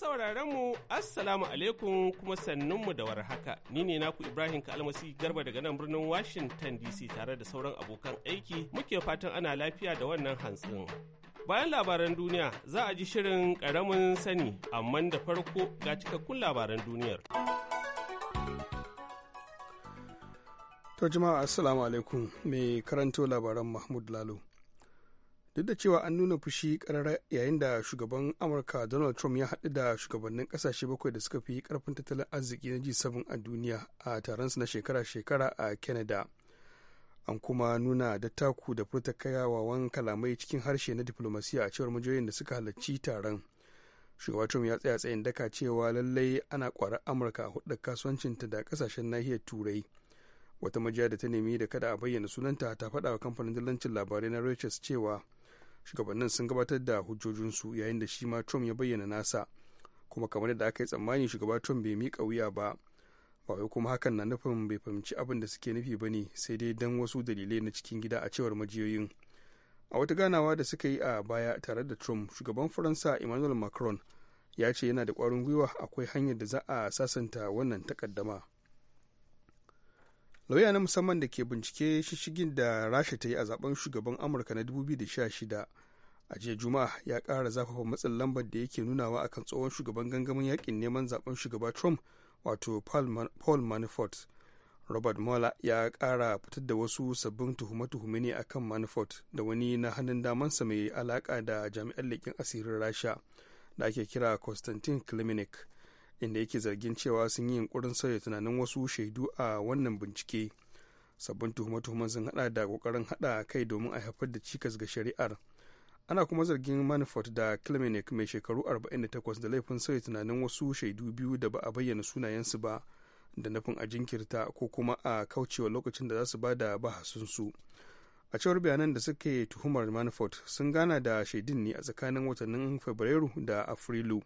sauraron mu Assalamu alaikum kuma sannun mu da warhaka. Ni ne naku Ibrahim Kalmasi Garba daga nan birnin Washington DC tare da sauran abokan aiki muke fatan ana lafiya da wannan hantsin. Bayan labaran duniya za a ji shirin karamin sani amma da farko ga cikakkun labaran duniyar. To jama'a Assalamu alaikum mai karanto labaran Mahmud Lalo. duk da cewa an nuna fushi karara yayin da shugaban amurka donald trump ya haɗu da shugabannin kasashe bakwai da suka fi karfin tattalin arziki na ji 7 a duniya a taronsu na shekara-shekara a canada an kuma nuna da taku da furta kayawawan kalamai cikin harshe na diplomasiya a cewar majoyin da suka halarci taron shugaban trump ya tsaya tsayin daka cewa lallai ana kwarar amurka a hudar kasuwancinta da kasashen nahiyar turai wata majiya da ta nemi da kada a bayyana sunanta ta faɗa wa kamfanin dillancin labarai na reuters cewa shugabannin sun gabatar da hujjojinsu yayin da shi ma trump ya bayyana nasa kuma kamar yadda aka yi tsammani shugaba trump bai miƙa wuya ba ba kuma hakan na nufin bai fahimci abin da suke nufi ba ne sai dai don wasu dalilai na cikin gida a cewar majiyoyin a wata ganawa da suka yi a baya tare da trump shugaban faransa emmanuel macron ya ce yana da kwarin gwiwa akwai hanyar da za a sasanta wannan takaddama lauya na musamman da ke bincike shishigin da rasha ta yi a zaben shugaban amurka na 2016 a jiya juma'a ya kara zafafa matsin lambar da yake nunawa akan tsohon shugaban gangamin yakin neman zaben shugaba trump wato paul manafort robert mueller ya kara fitar da wasu sabbin tuhume-tuhume ne akan manafort da wani na hannun damansa mai alaka da jami'an leƙen asirin rasha da ake kira constantine klimenik inda yake zargin cewa sun yi yunkurin sauya tunanin wasu shaidu a wannan bincike sabbin tuhume-tuhumen sun hada da kokarin hada kai domin a haifar da cikas ga shari'ar ana kuma zargin manafort da klemenek mai shekaru 48 da laifin sauya tunanin wasu shaidu biyu da ba a bayyana sunayensu ba da nufin a jinkirta ko kuma a kaucewa lokacin da za su ba da bahasunsu a cewar bayanan da suke tuhumar manafort sun gana da shaidun ne a tsakanin watannin fabrairu da afrilu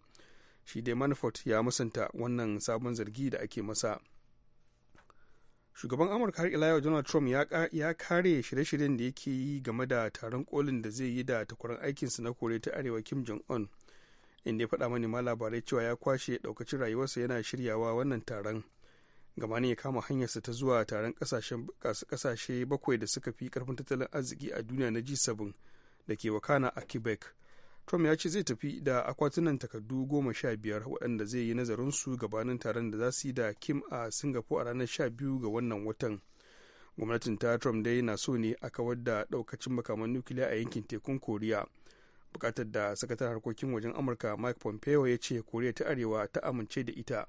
shi dai manafort ya musanta wannan sabon zargi da ake masa shugaban amurka har ila yau donald trump ya kare shirye-shiryen da yake yi game da taron kolin da zai yi da takwarar aikinsa na kore ta arewa kim jong-un inda ya faɗa ma labarai cewa ya kwashe ɗaukacin rayuwarsa yana shiryawa wannan taron ne ya kama hanyarsa ta zuwa taron kasashe bakwai da suka fi karfin tattalin arziki a duniya na g7 da ke wakana a quebec trump ya ce zai tafi da akwatunan takardu goma sha biyar waɗanda zai yi nazarin su gabanin taron da za su yi da kim a singapore a ranar sha biyu ga wannan watan gwamnatin ta trump dai na so ne a kawar da ɗaukacin makaman nukiliya a yankin tekun koriya bukatar da sakatar harkokin wajen amurka mike pompeo ya ce koriya ta arewa ta amince da ita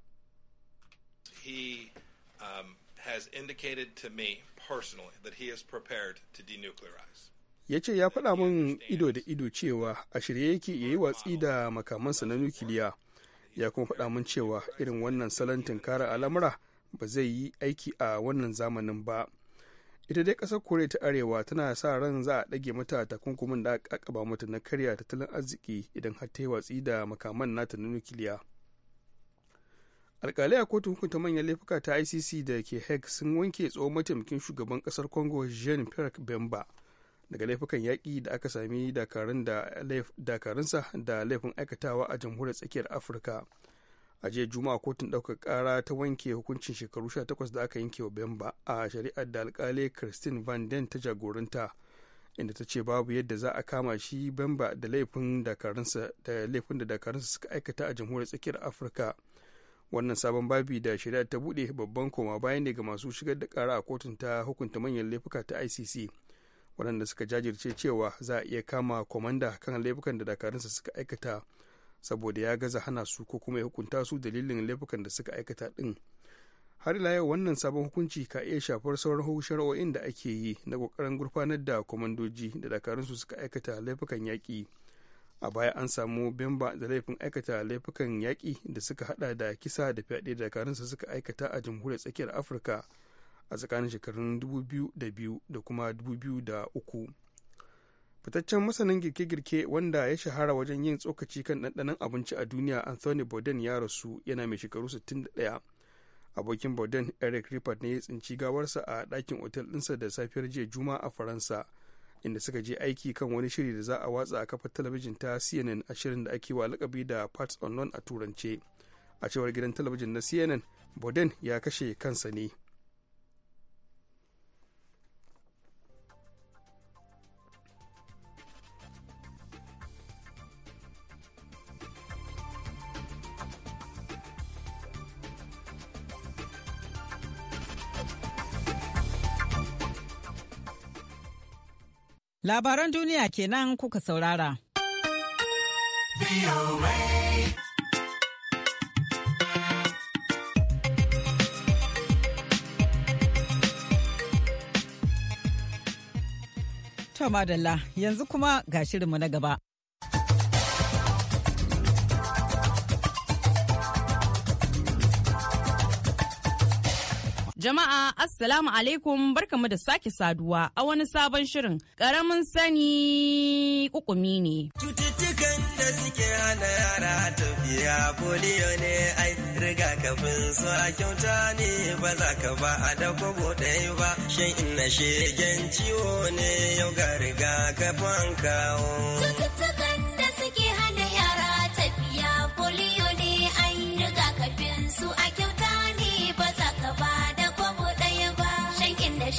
he um, has indicated to me personally that he is prepared to denuclearize ya ce ya faɗa min ido da ido cewa a shirye yake ya yi watsi da makamansa na nukiliya ya kuma faɗa min cewa irin wannan salon tunkara al'amura ba zai yi aiki a wannan zamanin ba ita dai ƙasar kore ta arewa tana sa ran za a ɗage mata takunkumin da aka ƙaba mata na karya tattalin arziki idan har ta yi watsi da makaman nata na nukiliya alkalai a kotun hukunta manyan laifuka ta icc da ke hague sun wanke tsohon mataimakin shugaban ƙasar congo jean pierre bemba daga laifukan yaƙi da aka sami dakarunsa da laifin aikatawa a jamhuriyar tsakiyar afirka a jiya juma'a kotun ɗaukar ƙara ta wanke hukuncin shekaru 18 da aka yanke wa bemba a shari'ar da alkali christine van den ta jagoranta inda ta ce babu yadda za a kama shi bemba da laifin da laifin da suka aikata a jamhuriyar tsakiyar afirka wannan sabon babi da shari'ar ta buɗe babban koma bayan ne ga masu shigar da ƙara a kotun ta hukunta manyan laifuka ta icc waɗanda suka jajirce cewa za a iya kama kwamanda kan laifukan da dakarunsa suka aikata saboda ya gaza hana su ko kuma ya hukunta su dalilin laifukan da suka aikata ɗin har ila yau wannan sabon hukunci ka iya shafar sauran shari'o'in da ake yi na kokarin gurfanar da kwamandoji da dakarunsu suka aikata laifukan yaƙi a baya an samu bemba da laifin aikata laifukan yaƙi da suka hada da kisa da fyaɗe da dakarunsa suka aikata a jamhuriyar tsakiyar afirka a tsakanin shekarun 2002 da kuma 2003 fitaccen masanin girke-girke wanda ya shahara wajen yin tsokaci kan ɗanɗanon abinci a duniya anthony bourdain ya rasu yana mai shekaru 61 abokin bourdain eric rippert ne ya tsinci gawarsa a ɗakin otel ɗinsa da safiyar jiya juma a faransa inda suka je aiki kan wani shiri da za a watsa a kafar talabijin ta cnn a shirin da ake wa lakabi da parts unknown a turance a cewar gidan talabijin na cnn borden ya kashe kansa ne Labaran duniya kenan kuka saurara. Tama dala, yanzu kuma ga shirinmu na gaba. Jama'a Assalamu alaikum barkamu da sake saduwa a wani sabon shirin ƙaramin sani ƙuƙumi ne. Cututtukan da suke hana yara tafiya polio ne ai kafin su a kyauta ne ba za ka ba a dafa kobo ɗaya ba shan ina shegen ciwo ne yau ga riga kafin kawo. da suke hana yara tafiya polio ne ai kafin su a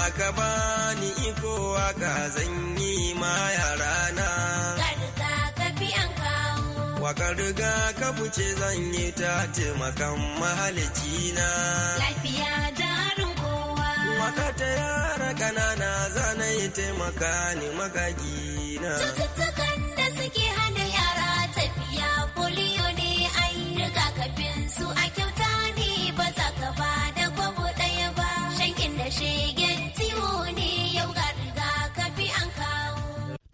Allah ka bani iko aka zan yi ma yarana. Waka riga ka fice zan yi ta mahalicci na. Lafiya harin kowa. Waka ta yara ƙanana zana yi taimaka ni makagina. Cututtukan da suke hana yara tafiya polio ne an rigakafin su a kyau.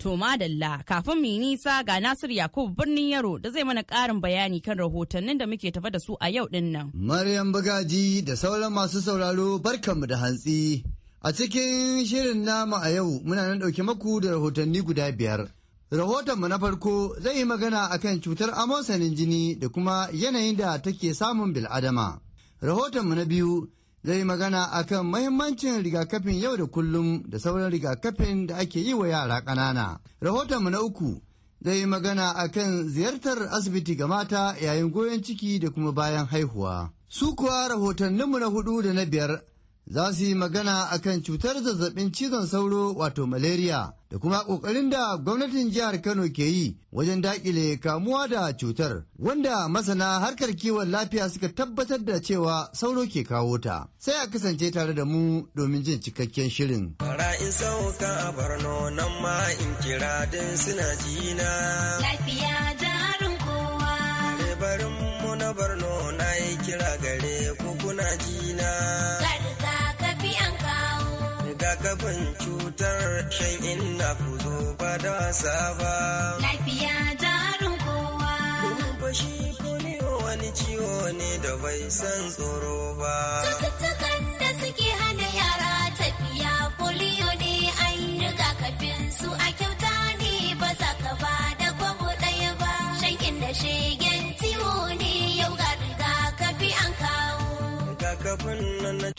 To madalla kafin mu nisa ga Nasir Yakubu birnin Yaro da zai mana ƙarin bayani kan rahotannin da muke tafa da su a yau din nan. Maryam Bagaji da sauran masu sauraro barkanmu da hantsi. A cikin shirin nama a yau muna nan ɗauke maku da rahotanni guda biyar. Rahotonmu na farko zai yi magana akan cutar amosanin jini da kuma yanayin da take samun bil'adama. Rahotonmu na biyu zai magana akan mahimmancin rigakafin yau da kullum da sauran rigakafin da ake yi wa yara ƙanana. Rahotonmu na uku zai magana akan ziyartar asibiti ga mata yayin goyon ciki da kuma bayan haihuwa. Su kuwa rahotanninmu na hudu da na biyar za su yi magana a kan cutar zazzabin cizon sauro wato malaria da kuma ƙoƙarin da gwamnatin jihar Kano ke yi wajen daƙile kamuwa da cutar wanda masana harkar kiwon lafiya suka tabbatar da cewa sauro ke kawo ta sai a kasance tare da mu domin jin cikakken shirin. in Barin mu na barno na yi kira gare ku kuna jina. cutar shan inna ku zo ba da wasa ba. Lafiya ta kowa. Numfashi ko ne wani ciwo ne da bai san tsoro ba.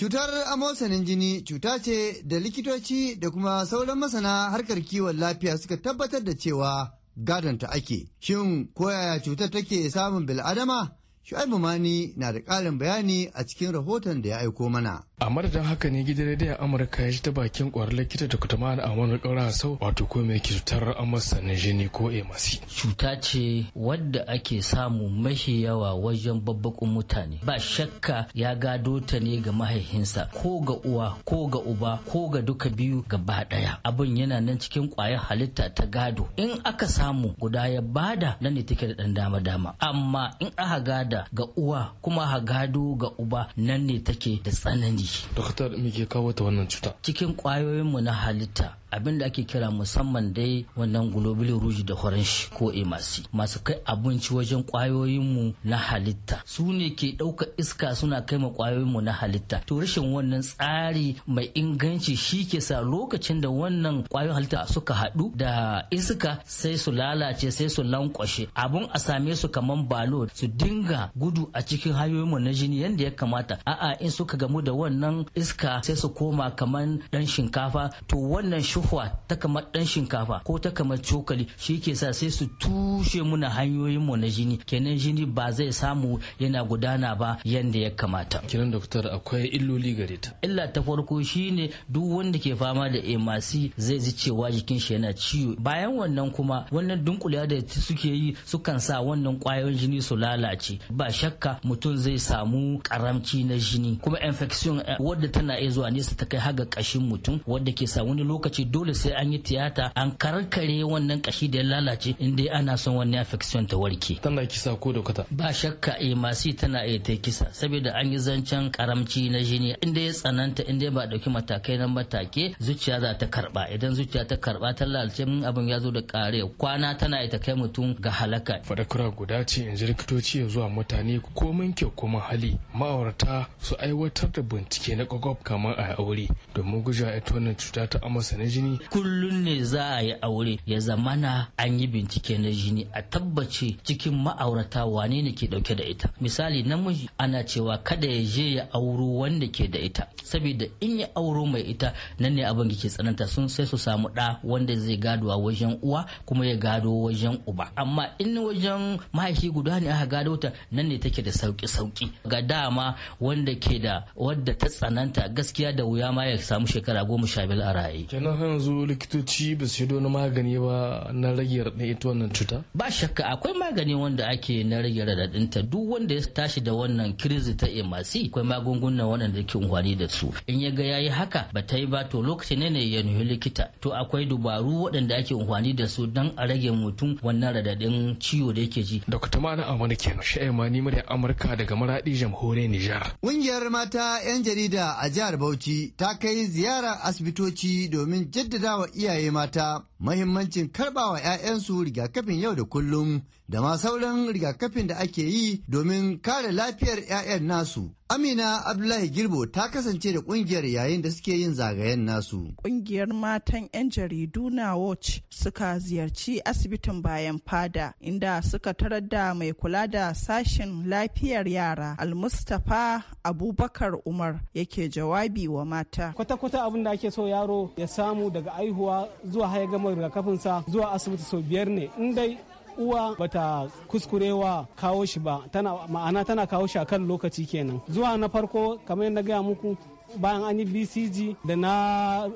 Cutar amosanin jini cuta ce da likitoci da kuma sauran masana harkar kiwon lafiya suka tabbatar da cewa gadonta ake. Shin koyaya cutar take samun bil'adama? Shu'aibu Mani na da ƙarin bayani a cikin rahoton da ya aiko mana. a madadin haka ne gidan rediyon amurka ya ji ta bakin kwarar likita da kuma a wani sau wato ko mai cutar amasa na jini ko emasi cuta ce wadda ake samu mafi yawa wajen babbakun mutane ba shakka ya gado ta ne ga mahaihinsa ko ga uwa ko ga uba ko ga duka biyu gaba ɗaya abin yana nan cikin kwayar halitta ta gado in aka samu guda ya bada nan ne take da ɗan dama dama amma in aka gada ga uwa kuma ha gado ga uba nan ne take da tsanani ciki. Doktor ke kawo ta wannan cuta? Cikin kwayoyinmu na halitta abin da ake kira musamman dai wannan global rouge da horanshi ko emasi masu kai abinci wajen kwayoyinmu na halitta su ne ke ɗauka iska suna kai ma kwayoyinmu na halitta to rashin wannan tsari mai inganci shi ke sa lokacin da wannan kwayoyin halitta suka haɗu da iska sai su lalace sai su lankwashe abun a same su kaman balo su dinga gudu a cikin hanyoyinmu na jini yadda ya kamata a'a in suka gamu da wannan iska sai su koma kaman dan shinkafa to wannan shuhwa ta kamar dan shinkafa ko ta kamar cokali shi ke sa sai su tushe muna hanyoyin mu na jini kenan jini ba zai samu yana gudana ba yanda ya kamata kenan doktor akwai illoli gare ta illa ta farko shine duk wanda ke fama da emasi zai ji cewa jikin shi yana ciwo bayan wannan kuma wannan dunkulewa da suke yi sukan sa wannan kwayoyin jini su lalace ba shakka mutum zai samu karamci na jini kuma infection eh, wadda tana iya zuwa nesa ta kai haga kashin mutum wadda ke sa wani lokaci dole sai an yi tiyata an karkare wannan kashi da ya lalace in dai ana son wannan affection ta warke tana kisa ko da ba shakka eh masu tana iya ta kisa saboda an yi zancen karamci na jini in dai ya tsananta in dai ba dauki matakai nan matake zuciya za ta karba idan zuciya ta karba ta lalace abin ya zo da kare kwana tana iya ta kai mutum ga halaka fadakura guda ce in ji likitoci ya zuwa mutane komin kyau kuma hali ma'aurata su aiwatar da bincike na kwakwaf kamar a aure domin gujewa ita wannan cuta ta amasa na jini kullun ne za a yi aure ya zamana an yi bincike na jini a tabbace cikin ma'aurata wane ne ke dauke da ita misali namiji ana cewa kada ya je ya auro wanda ke da ita saboda in ya auro mai ita nan ne abin ke tsananta sun sai su samu ɗa wanda zai gadowa wajen uwa kuma ya gado wajen uba amma in wajen mahaifi guda ne aka gado ta nan ne take da sauki sauki ga dama wanda ke da wadda ta tsananta gaskiya da wuya ma ya samu shekara goma sha biyar a raye yanzu likitoci ba su wani magani ba na rage raɗin ita wannan cuta? Ba shakka akwai magani wanda ake na rage raɗaɗin ta duk wanda ya tashi da wannan kirizi ta MRC akwai magunguna wanda ke amfani da su. In ya ga ya yi haka ba ta yi ba to lokaci ne ne ya nuhi likita. To akwai dubaru waɗanda ake amfani da su don a rage mutum wannan raɗaɗin ciwo da yake ji. Dokta Mana Amana kenan sha'i ma ni Amurka daga Maraɗi jamhuriyar Nijar. Ƙungiyar mata 'yan jarida a jihar Bauchi ta kai ziyara asibitoci domin wa iyaye mata mahimmancin karbawa 'ya'yansu rigakafin yau da kullum da ma sauran rigakafin da ake yi domin kare lafiyar 'ya'yan nasu. Amina Abdullahi Girbo ta kasance da kungiyar yayin da suke yin zagayen nasu. Kungiyar matan 'yan jaridu na Watch suka ziyarci asibitin bayan fada inda suka tarar da mai kula da sashen lafiyar yara Almustapha Abubakar Umar yake jawabi wa mata. Kwata-kwata abin da ake so yaro ya samu daga aihuwa zuwa haya allurar rigakafinsa zuwa asibiti sau biyar ne in dai uwa bata kuskurewa kawo shi ba tana ma'ana tana kawo shi a kan lokaci kenan zuwa na farko kamar yadda gaya muku bayan an yi bcg da na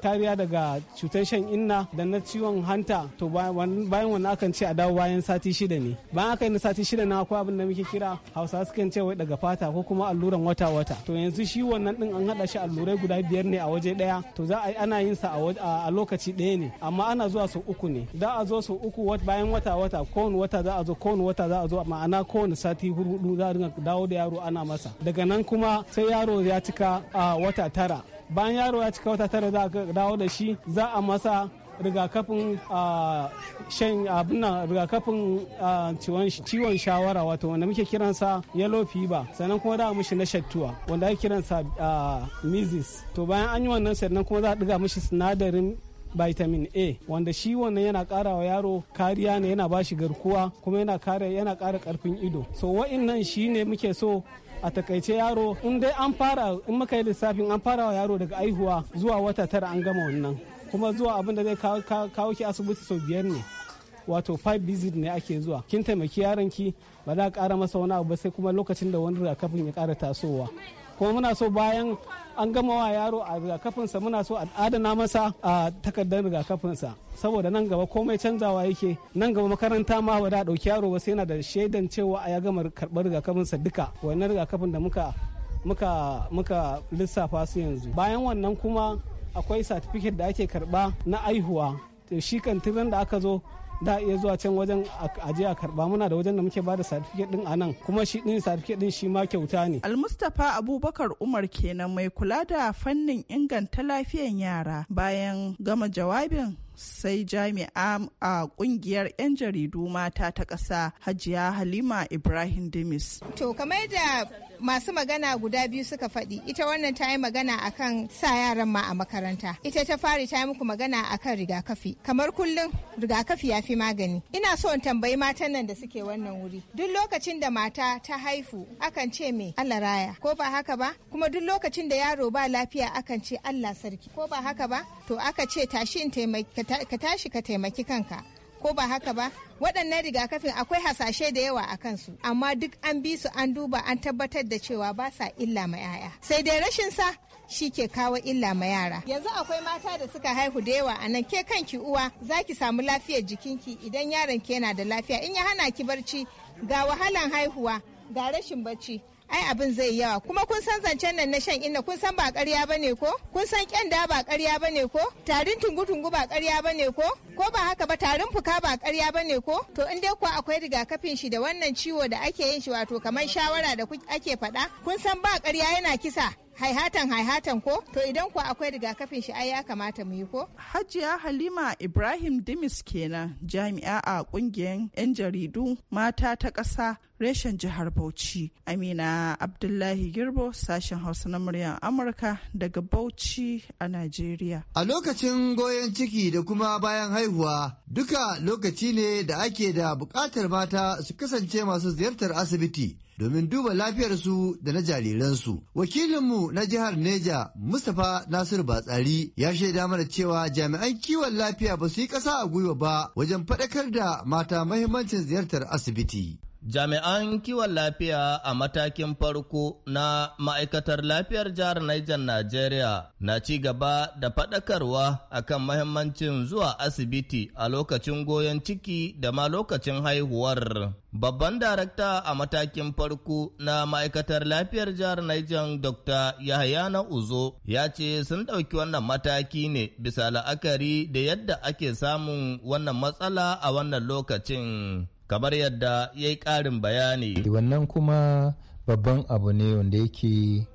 kariya daga cutar shan inna da na ciwon hanta to bayan wani akan ce a dawo bayan sati shida ne bayan aka yi na sati shida na akwai abin da muke kira hausa sukan ce wai daga fata ko kuma alluran wata wata to yanzu shi wannan din an hada shi allurai guda biyar ne a waje daya to za a ana yin sa a lokaci daya ne amma ana zuwa sau uku ne za a zo sau uku bayan wata wata kowane wata za a zo kowane wata za a zo ma'ana kowane sati hudu za a dawo da yaro ana masa daga nan kuma sai yaro ya cika a wata wata tara bayan yaro ya cika wata tara za a dawo da shi za a masa rigakafin ciwon shawara wato wanda muke kiransa yellow fever sannan kuma za a mishi na shattuwa wanda ake kiransa mizis to bayan an yi wannan sannan kuma za a ɗiga mishi sinadarin vitamin A wanda shi wannan yana kara wa yaro kariya ne yana bashi garkuwa kuma yana yana kara karfin ido so shi ne muke so a takaice yaro in dai an fara in muka yi lissafin an fara wa yaro daga aihuwa zuwa wata tara an gama wannan kuma zuwa abin da zai kawo ki asibiti sau biyar ne wato five visit ne ake zuwa kin taimaki yaron ki ba za a kara masa wani abu ba sai kuma lokacin da wani rigakafin ya kara tasowa kuma muna so bayan an gama wa yaro a rigakafinsa muna so a adana masa a takardar rigakafinsa saboda nan gaba komai canzawa yake nan gaba makaranta ma ba da ɗauki yaro ba sai yana da shaidan cewa a ya gama karɓar rigakafinsa duka wannan rigakafin da muka muka muka lissafa su yanzu bayan wannan kuma akwai satifiket da ake karɓa na aihuwa shi kan da aka zo da iya zuwa can wajen aje a karba muna da wajen da muke bada certificate din a nan kuma shi din certificate din shi ma kyauta ne almustapha abubakar umar kenan mai kula da fannin inganta lafiyan yara bayan gama jawabin sai jami'a a kungiyar 'yan jaridu mata ta kasa hajiya halima ibrahim dimis to kamar da masu magana guda biyu suka faɗi ita wannan ta yi magana akan sa yaran ma a makaranta ita ta fari ta yi muku magana akan rigakafi kamar kullum rigakafi ya fi magani ina so in tambayi matan nan da suke wannan wuri duk lokacin da mata ta haifu akan ce me Allah raya ko ba haka ba kuma duk lokacin da yaro ba lafiya akan ce Allah sarki ko ba haka ba to aka ce tashi in taimaka ka tashi ka taimaki kanka ko ba haka ba waɗannan rigakafin akwai hasashe da yawa a kansu amma duk an bi su an duba an tabbatar da cewa ba sa illa ma 'ya'ya sai dai rashin sa shi ke kawo illa ma yara. Yanzu akwai mata da suka haihu da yawa a nan ke kanki uwa za ki samu lafiyar jikinki idan yaron ki yana da lafiya in ya hana ki barci ga wahalan haihuwa ga rashin barci ai abin zai yawa kuma kun san zancen nan na shan inna kun san ba ƙarya bane ko kun san kyanda ba ƙarya bane ko tarin tungu-tungu ba ƙarya bane ko ko ba haka ba tarin fuka ba ƙarya bane ko to in dai kuwa akwai rigakafin shi da wannan ciwo da ake yin shi wato kamar shawara da ake faɗa kun san ba ƙarya yana kisa haihatan haihatan ko to idan ku akwai rigakafin shi ai ya kamata mu yi ko hajiya halima ibrahim dimis kenan jami'a a kungiyar 'yan jaridu mata ta ƙasa reshen jihar bauchi amina abdullahi girbo sashen hausa na muryar amurka daga bauchi a nigeria. a lokacin goyon ciki da kuma bayan haihuwa duka lokaci ne da ake da bukatar mata su kasance masu ziyartar asibiti domin duba lafiyarsu da na jariransu. Wakilinmu na jihar Neja Mustapha Nasiru Batsari ya shaida mana cewa jami'an kiwon lafiya ba su yi ƙasa a gwiwa ba wajen faɗakar da mata mahimmancin ziyartar asibiti. Jami'an kiwon lafiya a matakin farko na ma'aikatar lafiyar jihar Niger Najeriya na ci gaba da faɗakarwa akan mahimmancin zuwa asibiti a lokacin goyon ciki da ma lokacin haihuwar. Babban darakta a matakin farko na ma'aikatar lafiyar jihar Niger Dr. yahya na Uzo ya ce sun ɗauki wannan mataki ne bisa la'akari da yadda ake samun wannan matsala a wannan lokacin. kamar yadda ya yi ƙarin bayani. Wannan kuma babban abu ne wanda yake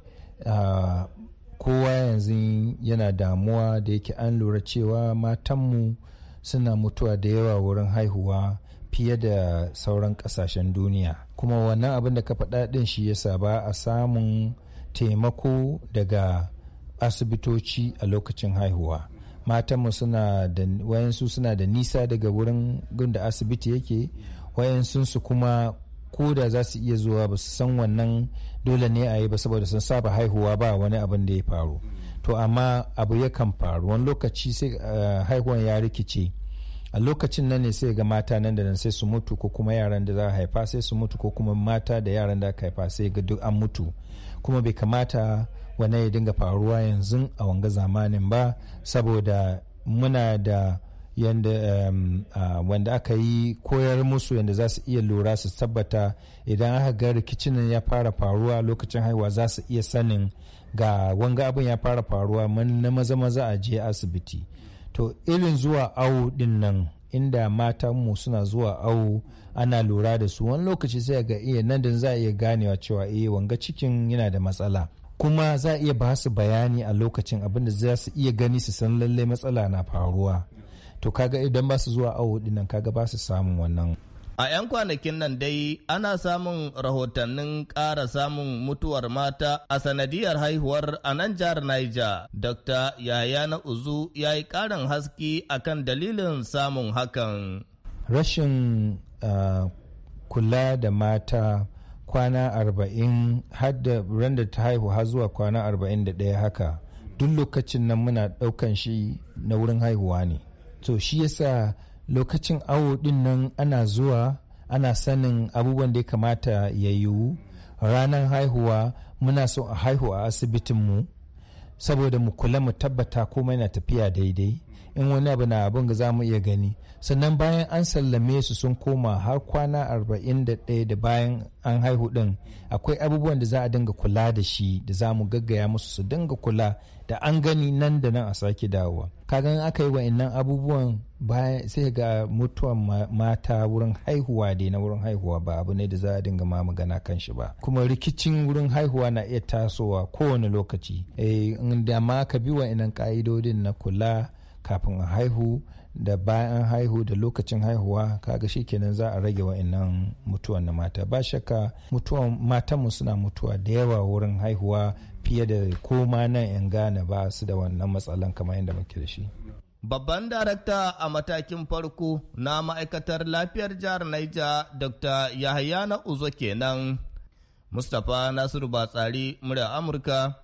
kowa yanzu yana damuwa da yake an lura cewa matanmu suna mutuwa da yawa wurin haihuwa fiye da sauran kasashen duniya kuma wannan abin da ka faɗa ɗin shi yasa ba a samun taimako daga asibitoci a lokacin haihuwa matanmu suna da wayansu suna da nisa daga wurin gunda da asibiti yake su kuma ko da za su iya zuwa ba su san wannan dole ne a yi ba saboda sun saba haihuwa ba wani abin da ya faru to amma abu ya kan faru wani lokaci sai eh, haihuwan ya rikice a lokacin nan ne sai ga mata nan da nan sai su mutu ko kuma yaran da za a haifa sai su mutu ko kuma mata da yaran da aka haifa sai ga duk an mutu kuma bai kamata wannan ya dinga faruwa yanzu a wanga zamanin ba saboda muna da yanda um, uh, wanda aka yi koyar musu yadda za su iya lura su tabbata idan aka ga rikicin ya fara faruwa lokacin haihuwa za su iya sanin ga wanga abin ya fara faruwa na maza maza a je asibiti to irin zuwa awo din nan inda mata mu suna zuwa awo ana lura da su wani lokaci sai ga iya eh, nan da za a iya ganewa cewa eh wanga cikin yana da matsala kuma za a iya ba su bayani a lokacin abinda da za su iya gani su san lallai matsala na faruwa to kaga idan ba zuwa awo dinnan kaga ba su samun wannan A 'yan kwanakin nan dai ana samun rahotannin ƙara samun mutuwar mata a sanadiyar haihuwar a nan jihar Niger. Dr. Yaya na Uzu ya yi ƙarin haski akan dalilin samun hakan. Rashin uh, kula da mata kwana arba'in hadda ran ta haihu har zuwa kwana arba'in da ɗaya haka duk lokacin nan muna ɗaukan shi na wurin haihuwa ne. to shi yasa lokacin awo din nan ana zuwa ana sanin abubuwan da ya kamata ya yiwu ranar haihuwa muna so a haihu a asibitinmu saboda mu kula mu tabbata komai na tafiya daidai in wani abu na abin za mu iya gani sannan bayan an sallame su sun koma har kwana 41 da bayan an haihu din akwai abubuwan da za a dinga kula da shi da za mu gaggaya musu su dinga kula da an gani nan da nan a sake dawowa kaga in aka yi wa'annan abubuwan bayan sai ga mutuwan mata wurin haihuwa dai na wurin haihuwa ba abu ne da za a dinga ma magana kan shi ba kuma rikicin wurin haihuwa na iya tasowa kowane lokaci eh, da ma ka bi wa'annan ka'idodin na kula kafin a haihu da bayan haihu da lokacin haihuwa kaga kenan za a rage wa'annan mutuwan na mata ba shakka mutuwan matanmu suna mutuwa da yawa wurin haihuwa fiye da koma nan in gane ba su da wannan matsalan kamar yadda muke da shi Babban darakta a matakin farko na ma'aikatar lafiyar jihar Naija Dr. Yahaya na Uzo kenan. Mustapha Nasiru Batsari murya Amurka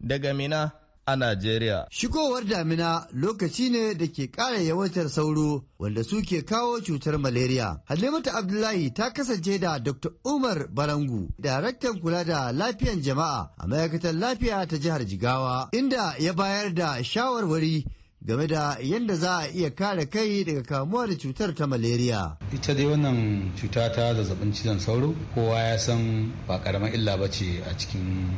daga Mina a Najeriya. Shigowar damina lokaci ne da ke ƙara yawantar sauro wanda suke kawo cutar malaria. Halimatu Abdullahi ta kasance da Dr. Umar Barangu, daraktan kula da lafiyan jama'a a ma'aikatar lafiya ta jihar Jigawa, inda ya bayar da shawarwari game da yadda za a iya kare kai daga kamuwa da cutar ta malaria. Ita dai wannan cuta ta zazzabin cizon sauro kowa ya san ba karamar illa ba ce a cikin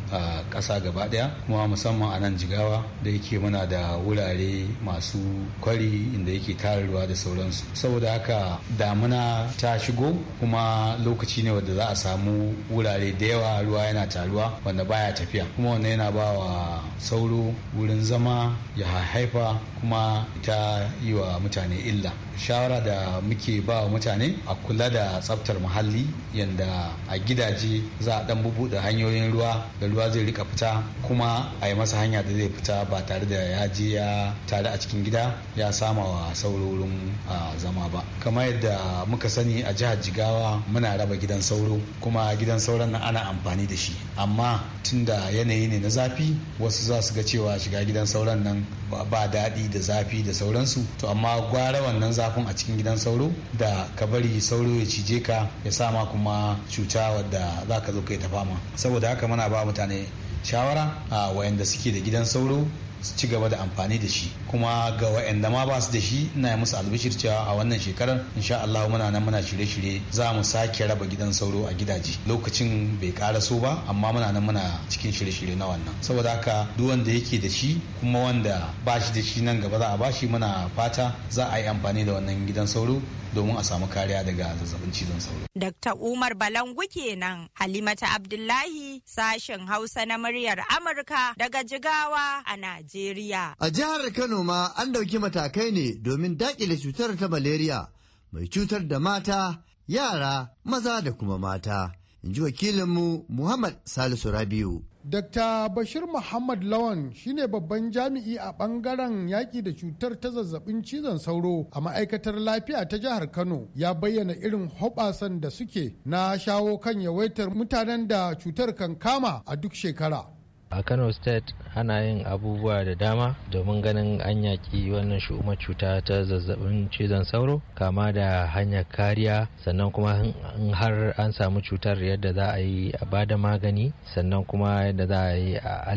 ƙasa gaba ɗaya kuma musamman a nan jigawa da yake muna da wurare masu kwari inda yake tara ruwa da sauransu. Saboda haka damuna ta shigo kuma lokaci ne wanda za a samu wurare da yawa ruwa yana taruwa wanda baya tafiya kuma wannan yana ba wa sauro wurin zama ya haifa kuma ta yi wa mutane illa shawara da muke ba wa mutane a kula da tsaftar muhalli yadda a gidaje za a dan bubuɗe hanyoyin ruwa da ruwa zai rika fita kuma a yi masa hanya da zai fita ba tare da ya je ya tare a cikin gida ya sama wa sauro wurin zama ba kamar yadda muka sani a jihar jigawa muna raba gidan sauro kuma gidan sauran nan ana amfani da shi amma tunda yanayi ne na zafi wasu za su ga cewa shiga gidan sauran nan ba daɗi da zafi da sauransu to amma gwara wannan zafin a cikin gidan sauro da ka bari sauro ya cije ka ya sa ma kuma cuta wadda za ka zo kai ta fama saboda haka muna ba mutane shawara a wayanda suke da gidan sauro su ci gaba da amfani da shi kuma ga wa'anda ma ba su da shi ina musu albishir cewa a wannan shekarar insha Allah muna nan muna shirye-shirye za mu sake raba gidan sauro a gidaje lokacin bai kara so ba amma muna nan muna cikin shirye-shirye na wannan saboda haka duk wanda yake da shi kuma wanda ba shi da shi nan gaba za a ba shi muna fata za a yi amfani da wannan gidan sauro domin a samu kariya daga zazzabin cizon sauro. Dr. Umar Balangu kenan Halimata Abdullahi sashen Hausa na muryar Amurka daga Jigawa a Najeriya. Najeriya. A jihar Kano ma an ɗauki matakai ne domin dakile cutar ta malaria mai cutar da mata, yara, maza da kuma mata. In ji wakilinmu Muhammad Salisu Rabiu. Dr. Bashir Muhammad Lawan shine babban jami'i a bangaren yaƙi da cutar ta zazzabin cizon sauro a ma'aikatar lafiya ta jihar Kano ya bayyana irin hoɓasan da suke na shawo kan yawaitar mutanen da cutar kan kama a duk shekara. a kano state ana yin abubuwa da dama domin ganin an yaƙi wannan shuma cuta ta zazzabin cizon sauro kama da hanyar kariya sannan kuma in har an samu cutar yadda za a yi a da magani sannan kuma yadda za a yi a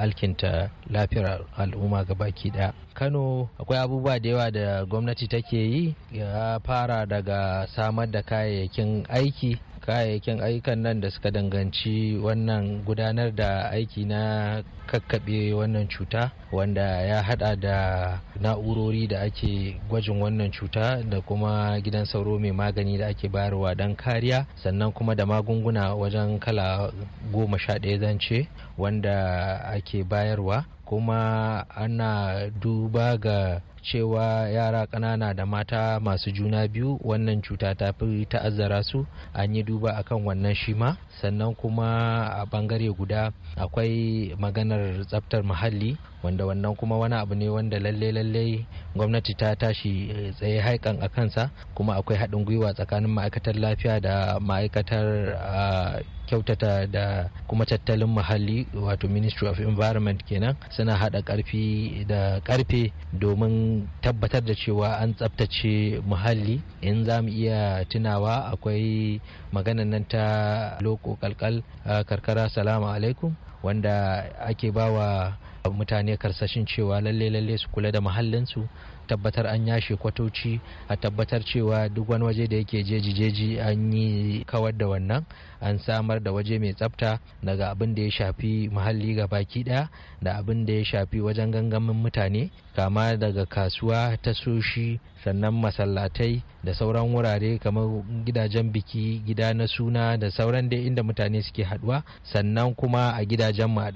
alkinta lafiyar al'umma gabaki daya kano akwai abubuwa da yawa da gwamnati take yi ya fara daga samar da kayayyakin aiki kayayyakin ayyukan nan da suka danganci wannan gudanar da aiki na kakkaɓe wannan cuta wanda ya hada da na'urori da ake gwajin wannan cuta da kuma gidan sauro mai magani da ake bayarwa don kariya sannan kuma da magunguna wajen kala goma sha ɗaya zance wanda ake bayarwa kuma ana duba ga cewa yara ƙanana da mata masu juna biyu wannan cuta ta fi ta'azzara su an yi duba akan wannan shi ma sannan kuma a bangare guda akwai maganar tsaftar muhalli wanda wannan kuma wani abu ne wanda lalle lalle gwamnati ta tashi eh, tsaye haikan a kansa kuma akwai haɗin gwiwa tsakanin ma'aikatar lafiya da ma'aikatar kyautata da kuma tattalin muhalli wato ministry of environment kenan suna haɗa ƙarfi da ƙarfe domin tabbatar da cewa an tsabtace muhalli in za mu iya tunawa akwai maganan nan ta loko kalkal karkara salamu alaikum wanda ake bawa mutane karsashin cewa lalle lalle su kula da muhallinsu tabbatar an yashe kwatoci a tabbatar cewa duk wani waje da yake jeji jeji an yi kawar da wannan an samar da waje mai tsafta daga abin da ya shafi muhalli ga baki ɗaya da abin da ya shafi wajen gangamin mutane kama daga kasuwa tasoshi sannan masallatai da sauran wurare kamar gidajen biki gida na suna da sauran dai inda mutane suke haduwa sannan kuma a gidajen mu a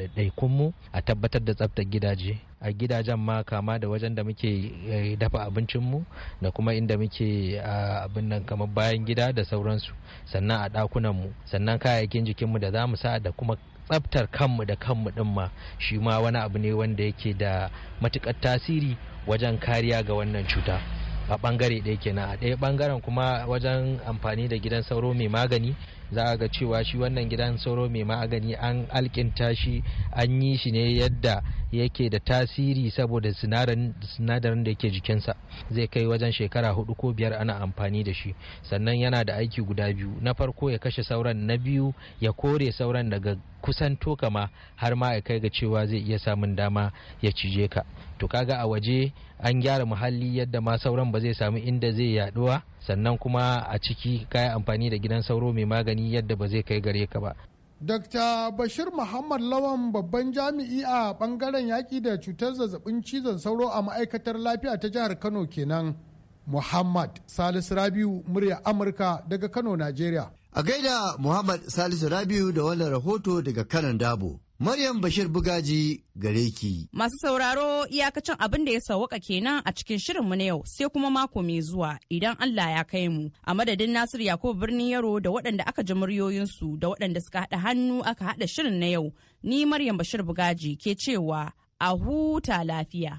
a tabbatar da tsaftar gidaje a gidajen ma kama da wajen da muke eh, dafa abincinmu da kuma inda muke ah, abin nan kamar bayan gida da sauransu sannan a ɗakunanmu sannan kayayyakin jikinmu da za mu sa da kuma tsaftar kanmu da kanmu ɗin ma shi ma wani abu ne wanda yake da matukar tasiri wajen kariya ga wannan cuta a bangare ɗaya kenan a ɗaya bangaren kuma wajen amfani da gidan sauro mai magani za a ga cewa shi wannan gidan sauro mai ma'agani an alkinta shi an yi shi ne yadda yake da tasiri saboda sinadarin da ke jikinsa zai kai wajen shekara hudu ko biyar ana amfani da shi sannan yana da aiki guda biyu na farko ya kashe sauran na biyu ya kore sauran daga kusan tokama har ma ya kai ga cewa zai iya samun dama ya cije ka to kaga a waje an gyara muhalli yadda ma sauran ba zai samu inda zai yaduwa sannan kuma a ciki kayi amfani da gidan sauro mai magani yadda ba zai kai gare ka ba. Dr. Bashir Muhammad Lawan babban jami'i a bangaren yaƙi da cutar zazzabin cizon sauro a ma'aikatar lafiya ta jihar Kano kenan. Muhammad Salisu Rabiu murya Amurka daga Kano, Najeriya. A gaida Muhammad Salisu Rabiu da wannan rahoto daga kanan dabo. Maryam Bashir Bugaji gare ki. Masu sauraro iyakacin abin da ya sauwaka kenan a cikin shirin mu na yau sai kuma mako mai zuwa idan Allah ya kai mu. A madadin Nasiru Yakubu birnin Yaro da waɗanda aka ji muryoyinsu da waɗanda suka haɗa hannu aka haɗa shirin na yau. Ni Maryam Bashir Bugaji ke cewa a huta lafiya.